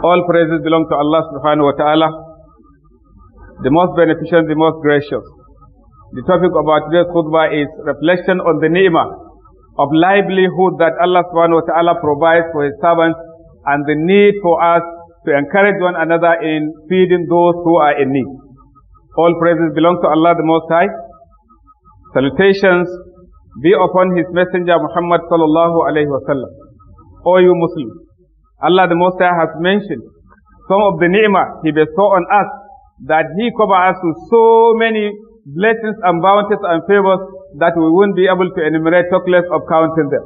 All praises belong to Allah subhanahu wa ta'ala, the most beneficent, the most gracious. The topic of our today's khutbah is reflection on the ni'mah of livelihood that Allah subhanahu wa ta'ala provides for his servants and the need for us to encourage one another in feeding those who are in need. All praises belong to Allah the Most High. Salutations be upon His Messenger Muhammad sallallahu alayhi wasallam. O you Muslims, Allah the Most High has mentioned some of the ni'mah He bestowed on us that He covered us with so many blessings and bounties and favors that we won't be able to enumerate, talk less of counting them.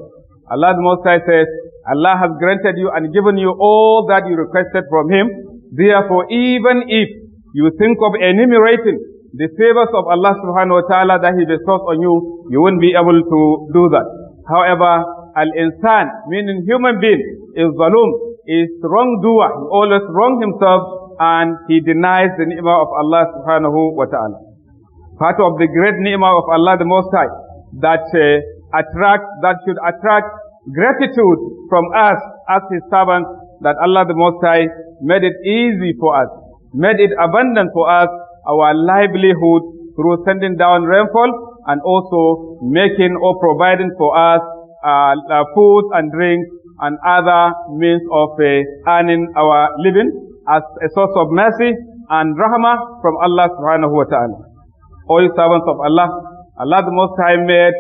Allah the Most High says, Allah has granted you and given you all that you requested from Him. Therefore, even if you think of enumerating the favors of Allah subhanahu wa ta'ala that He bestows on you, you won't be able to do that. However, Al-insan, meaning human being, is zalum, is wrongdoer. He always wrong himself and he denies the ni'mah of Allah subhanahu wa ta'ala. Part of the great ni'mah of Allah the Most High that uh, attract, that should attract gratitude from us as His servants that Allah the Most High made it easy for us, made it abundant for us, our livelihood through sending down rainfall and also making or providing for us uh, uh, food and drink and other means of uh, earning our living as a source of mercy and rahmah from Allah subhanahu wa ta'ala. O you servants of Allah, Allah the Most High made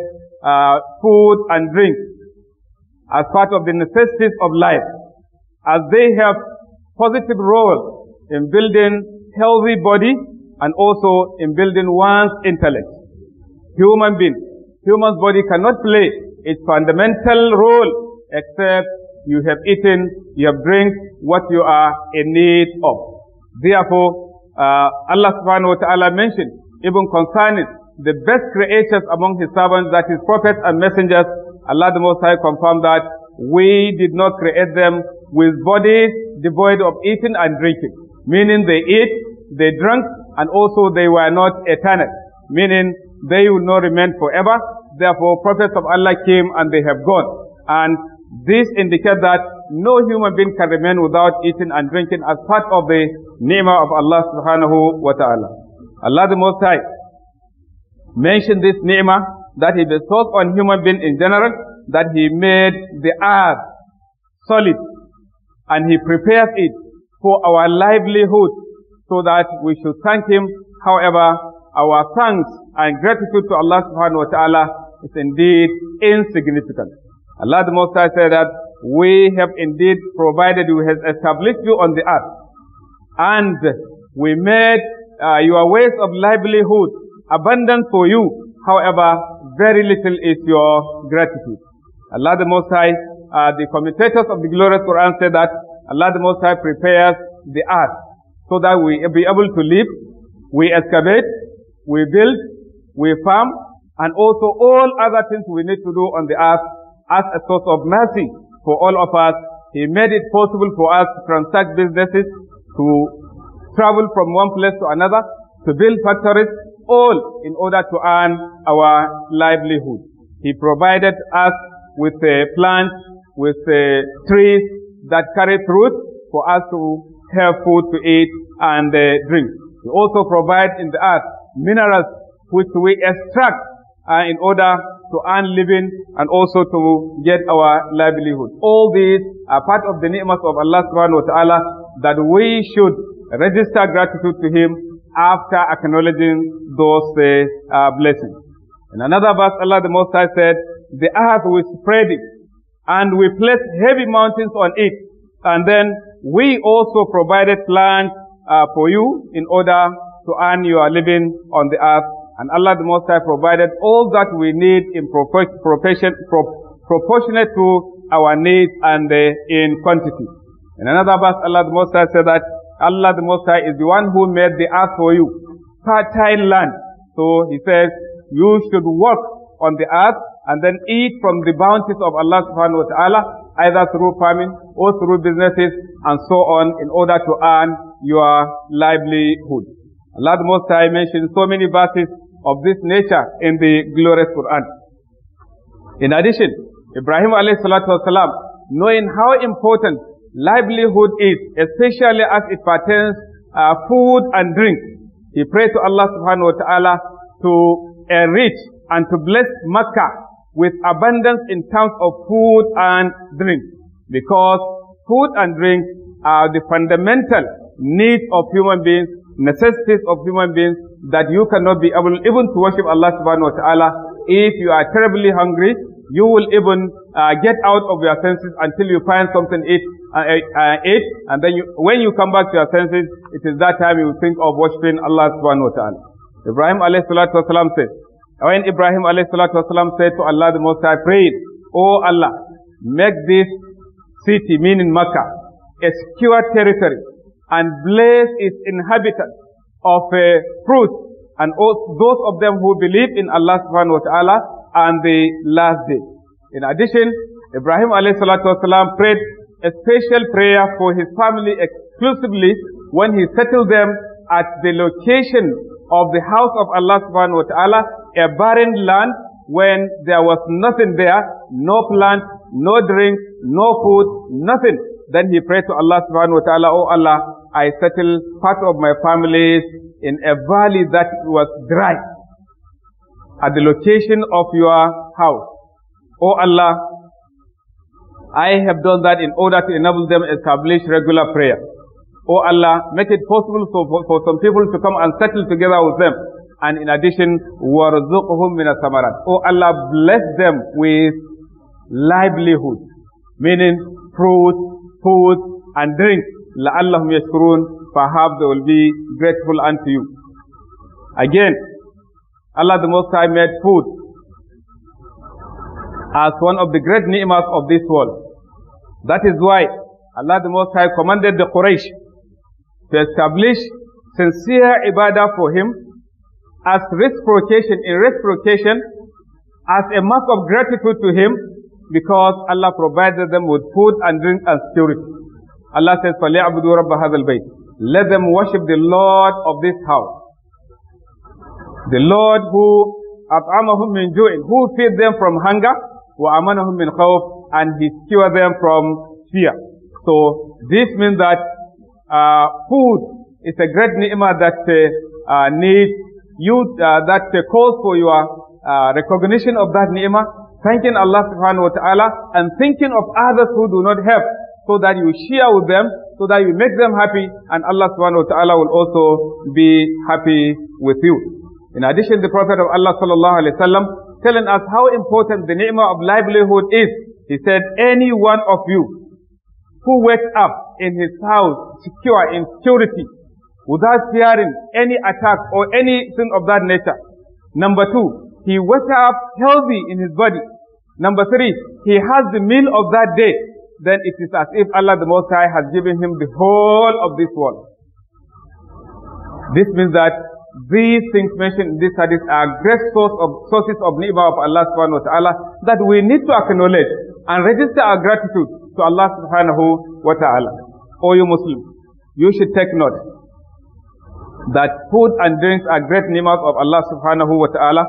uh, food and drink as part of the necessities of life as they have positive role in building healthy body and also in building one's intellect. Human being, human's body cannot play its fundamental role, except you have eaten, you have drink what you are in need of. Therefore, uh, Allah subhanahu wa ta'ala mentioned, even concerning the best creatures among his servants, that is prophets and messengers, Allah the Most High confirmed that we did not create them with bodies devoid of eating and drinking, meaning they eat, they drank, and also they were not eternal, meaning they will not remain forever, Therefore, prophets of Allah came and they have gone. And this indicates that no human being can remain without eating and drinking as part of the ni'mah of Allah subhanahu wa ta'ala. Allah the Most High mentioned this ni'mah that He bestowed on human being in general, that He made the earth solid and He prepares it for our livelihood so that we should thank Him. However, our thanks and gratitude to Allah subhanahu wa ta'ala is indeed insignificant. Allah the Most High said that we have indeed provided you has established you on the earth and we made uh, your ways of livelihood abundant for you. However, very little is your gratitude. Allah the Most High, uh, the commentators of the glorious Quran say that Allah the Most High prepares the earth so that we be able to live. We excavate, we build, we farm, and also all other things we need to do on the earth as a source of mercy for all of us. He made it possible for us to transact businesses, to travel from one place to another, to build factories, all in order to earn our livelihood. He provided us with uh, plants, with uh, trees that carry fruit for us to have food to eat and uh, drink. He also provided in the earth minerals which we extract uh, in order to earn living and also to get our livelihood. All these are part of the ni'mas of Allah subhanahu wa ta'ala that we should register gratitude to Him after acknowledging those uh, uh, blessings. In another verse, Allah the Most High said, the earth we spread it and we placed heavy mountains on it and then we also provided land uh, for you in order to earn your living on the earth and Allah the Most High provided all that we need in proportionate to our needs and uh, in quantity. In another verse, Allah the Most High said that Allah the Most High is the one who made the earth for you, fertile land. So He says, you should work on the earth and then eat from the bounties of Allah subhanahu wa ta'ala, either through farming or through businesses and so on in order to earn your livelihood. Allah the Most High mentioned so many verses of this nature in the glorious Quran. In addition, Ibrahim alayhi salatu wasalam, knowing how important livelihood is, especially as it pertains uh, food and drink, he prayed to Allah subhanahu wa ta'ala to enrich and to bless Makkah with abundance in terms of food and drink. Because food and drink are the fundamental needs of human beings, necessities of human beings, that you cannot be able even to worship Allah subhanahu wa ta'ala. If you are terribly hungry, you will even uh, get out of your senses until you find something eat, uh, uh, uh, eat and then you, when you come back to your senses, it is that time you think of worshiping Allah subhanahu wa ta'ala. Ibrahim alayhi salatu wasalam said, when Ibrahim alayhi salatu wasalam said to Allah the Most High, pray, O Allah, make this city, meaning Makkah, a secure territory and bless its inhabitants of uh, fruit, and those of them who believe in Allah subhanahu wa ta'ala and the last day. In addition, Ibrahim alayhi salatu wasalam prayed a special prayer for his family exclusively when he settled them at the location of the house of Allah subhanahu wa ta'ala, a barren land when there was nothing there, no plant, no drink, no food, nothing. Then he prayed to Allah subhanahu wa ta'ala, Oh Allah, I settled part of my family in a valley that was dry at the location of your house. Oh Allah, I have done that in order to enable them establish regular prayer. Oh Allah, make it possible for, for, for some people to come and settle together with them. And in addition, وَرْزُقْهُمْ min الثَّمَرَاتِ Oh Allah, bless them with livelihood, meaning fruit, food, and drink. لَعَلَّهُمْ يَشْكُرُونَ Perhaps they will be grateful unto you. Again, Allah the Most High made food as one of the great ni'mas of this world. That is why Allah the Most High commanded the Quraysh to establish sincere ibadah for Him as reciprocation, in reciprocation, as a mark of gratitude to Him because Allah provided them with food and drink and security. Allah says, رَبَّ هَذَا الْبَيْتِ Let them worship the Lord of this house. The Lord who أَطْعَمَهُمْ مِنْ جُوعٍ Who feed them from hunger, وَأَمَنَهُمْ مِنْ خَوْفٍ And He cure them from fear. So this means that uh, food is a great ni'mah that uh, uh needs you, uh, that uh, calls for your recognition of that ni'mah, thanking Allah subhanahu wa ta'ala and thinking of others who do not have so that you share with them, so that you make them happy, and Allah subhanahu wa ta'ala will also be happy with you. In addition, the Prophet of Allah sallallahu alayhi wasallam telling us how important the ni'mah of livelihood is. He said, any one of you who wakes up in his house secure in security without fearing any attack or anything of that nature. Number two, he wakes up healthy in his body. Number three, he has the meal of that day then it is as if Allah the Most High has given him the whole of this world. This means that these things mentioned in this hadith are great source of, sources of ni'mah of Allah subhanahu wa ta'ala that we need to acknowledge and register our gratitude to Allah subhanahu wa ta'ala. O you Muslims, you should take note that food and drinks are great ni'mah of Allah subhanahu wa ta'ala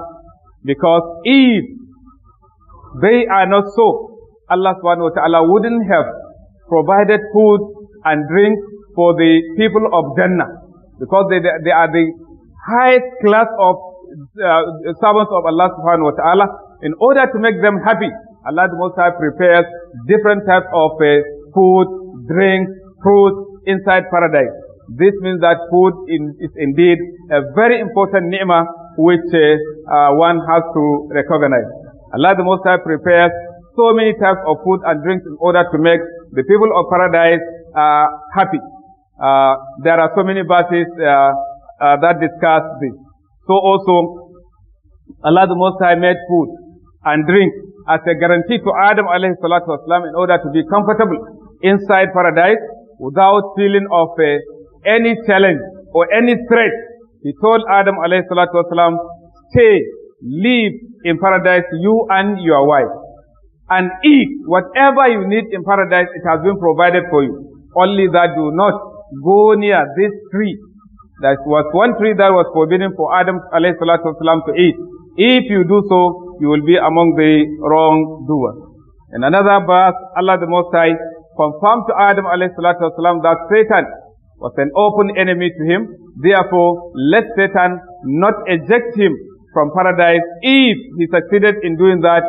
because if they are not so, Allah subhanahu wa ta'ala wouldn't have provided food and drink for the people of Jannah because they, they are the highest class of uh, servants of Allah subhanahu wa ta'ala. In order to make them happy, Allah the Most High prepares different types of uh, food, drink, fruit inside paradise. This means that food in, is indeed a very important ni'mah which uh, uh one has to recognize. Allah the Most High prepares so many types of food and drinks in order to make the people of paradise uh, happy. Uh, there are so many verses uh, uh that discuss this. So also, Allah the Most High made food and drink as a guarantee to Adam alayhi salatu wasalam in order to be comfortable inside paradise without feeling of uh, any challenge or any threat. He told Adam alayhi salatu wasalam, stay, live in paradise, you and your wife and eat whatever you need in paradise, it has been provided for you. Only that do not go near this tree. That was one tree that was forbidden for Adam والسلام, to eat. If you do so, you will be among the wrongdoers. In another verse, Allah the Most High confirmed to Adam والسلام, that Satan was an open enemy to him. Therefore, let Satan not eject him from paradise. If he succeeded in doing that,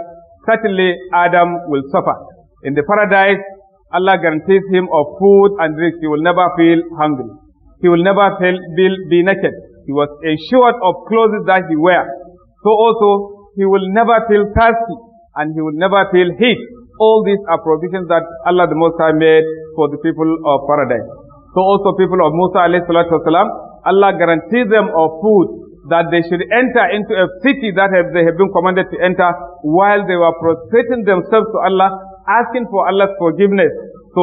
certainly Adam will suffer. In the paradise, Allah guarantees him of food and drink. He will never feel hungry. He will never feel, be naked. He was assured of clothes that he wear. So also, he will never feel thirsty and he will never feel heat. All these are provisions that Allah the Most High made for the people of paradise. So also people of Musa alayhi salatu Allah guarantees them of food that they should enter into a city that have, they have been commanded to enter while they were prostrating themselves to Allah, asking for Allah's forgiveness. So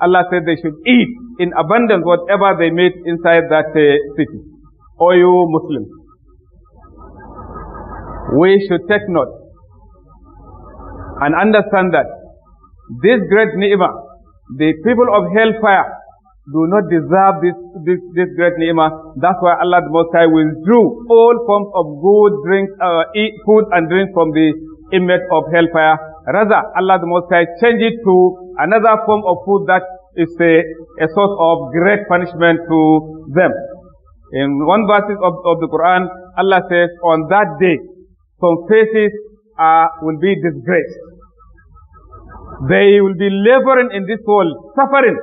Allah said they should eat in abundance whatever they made inside that uh, city. O you Muslims, we should take note and understand that this great ni'mah, the people of hellfire, do not deserve this, this, this great ni'mah. That's why Allah the Most High withdrew all forms of good drinks, uh, eat food and drink from the image of hellfire. Rather, Allah the Most High changed it to another form of food that is a, a source of great punishment to them. In one verse of, of the Quran, Allah says, on that day, some faces are, will be disgraced. They will be laboring in this world, suffering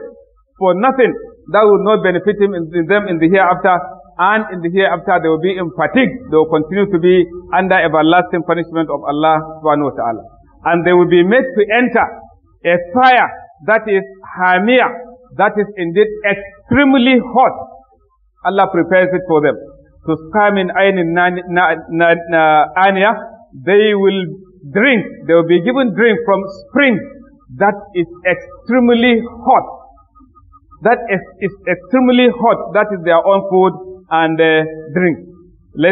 for nothing that will not benefit him in, in them in the hereafter and in the hereafter they will be in fatigue. They will continue to be under everlasting punishment of Allah subhanahu wa ta'ala. And they will be made to enter a fire that is hamia, that is indeed extremely hot. Allah prepares it for them. So, scum in Ania, they will drink, they will be given drink from spring that is extremely hot that is, extremely hot. That is their own food and uh, drink. They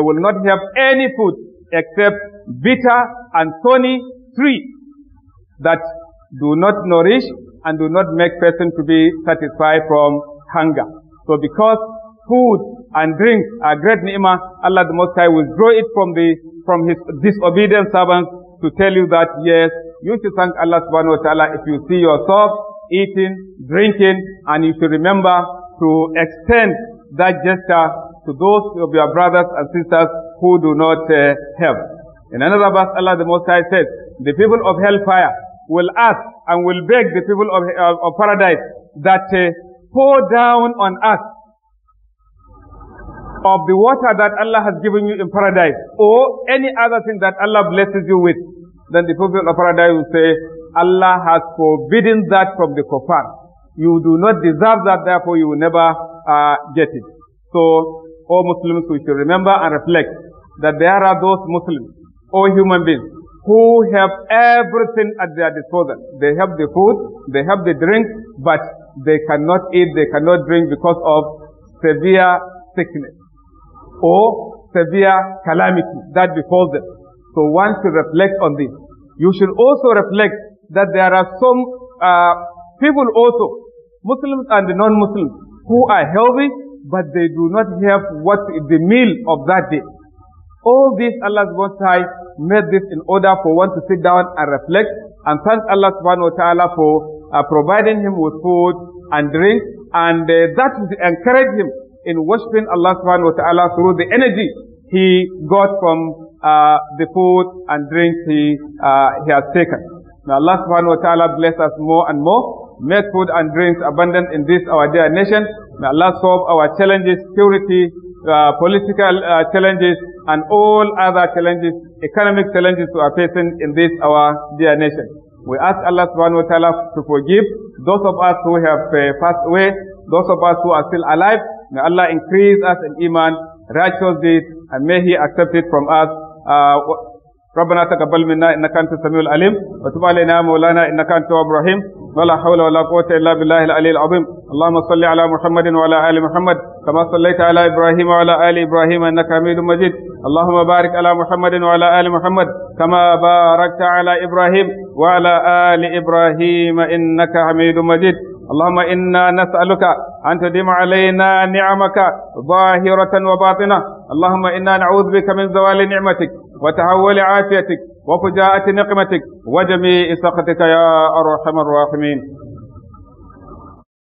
will not have any food except bitter and thorny trees that do not nourish and do not make person to be satisfied from hunger. So because food and drink are great ni'mah, Allah the Most High will draw it from the from his disobedient servants to tell you that yes, you should thank Allah subhanahu wa ta'ala if you see yourself eating, drinking, and you should remember to extend that gesture to those of your brothers and sisters who do not uh, have. In another verse, Allah the Most High says, the people of hellfire will ask and will beg the people of, uh, of paradise that uh, pour down on us of the water that Allah has given you in paradise or any other thing that Allah blesses you with. Then the people of paradise will say, Allah has forbidden that from the kuffar. You do not deserve that, therefore you will never uh, get it. So, all Muslims, we should remember and reflect that there are those Muslims, all human beings, who have everything at their disposal. They have the food, they have the drink, but they cannot eat, they cannot drink because of severe sickness or severe calamity that befalls them. So one should reflect on this. You should also reflect that there are some uh, people also, Muslims and non-Muslims, who are healthy, but they do not have what is the meal of that day. All this Allah subhanahu wa ta'ala made this in order for one to sit down and reflect and thank Allah subhanahu wa ta'ala for uh, providing him with food and drink and uh, that would encourage him in worshiping Allah subhanahu wa ta'ala through the energy he got from uh, the food and drink he, uh, he has taken. May Allah subhanahu wa ta'ala bless us more and more. Make food and drinks abundant in this our dear nation. May Allah solve our challenges, security, uh, political uh, challenges, and all other challenges, economic challenges we are facing in this our dear nation. We ask Allah subhanahu wa ta'ala to forgive those of us who have uh, passed away, those of us who are still alive. May Allah increase us in iman, righteous deeds, and may He accept it from us. Uh, ربنا تقبل منا انك انت السميع العليم وتب علينا مولانا انك انت تواب رحيم ولا حول ولا قوه الا بالله العلي العظيم اللهم صل على محمد وعلى ال محمد كما صليت على ابراهيم وعلى ال ابراهيم انك حميد مجيد اللهم بارك على محمد وعلى ال محمد كما باركت على ابراهيم وعلى ال ابراهيم انك حميد مجيد اللهم إنا نسألك أن تديم علينا نعمك ظاهرة وباطنة اللهم إنا نعوذ بك من زوال نعمتك وتحول عافيتك وفجاءة نقمتك وجميع سخطك يا أرحم الراحمين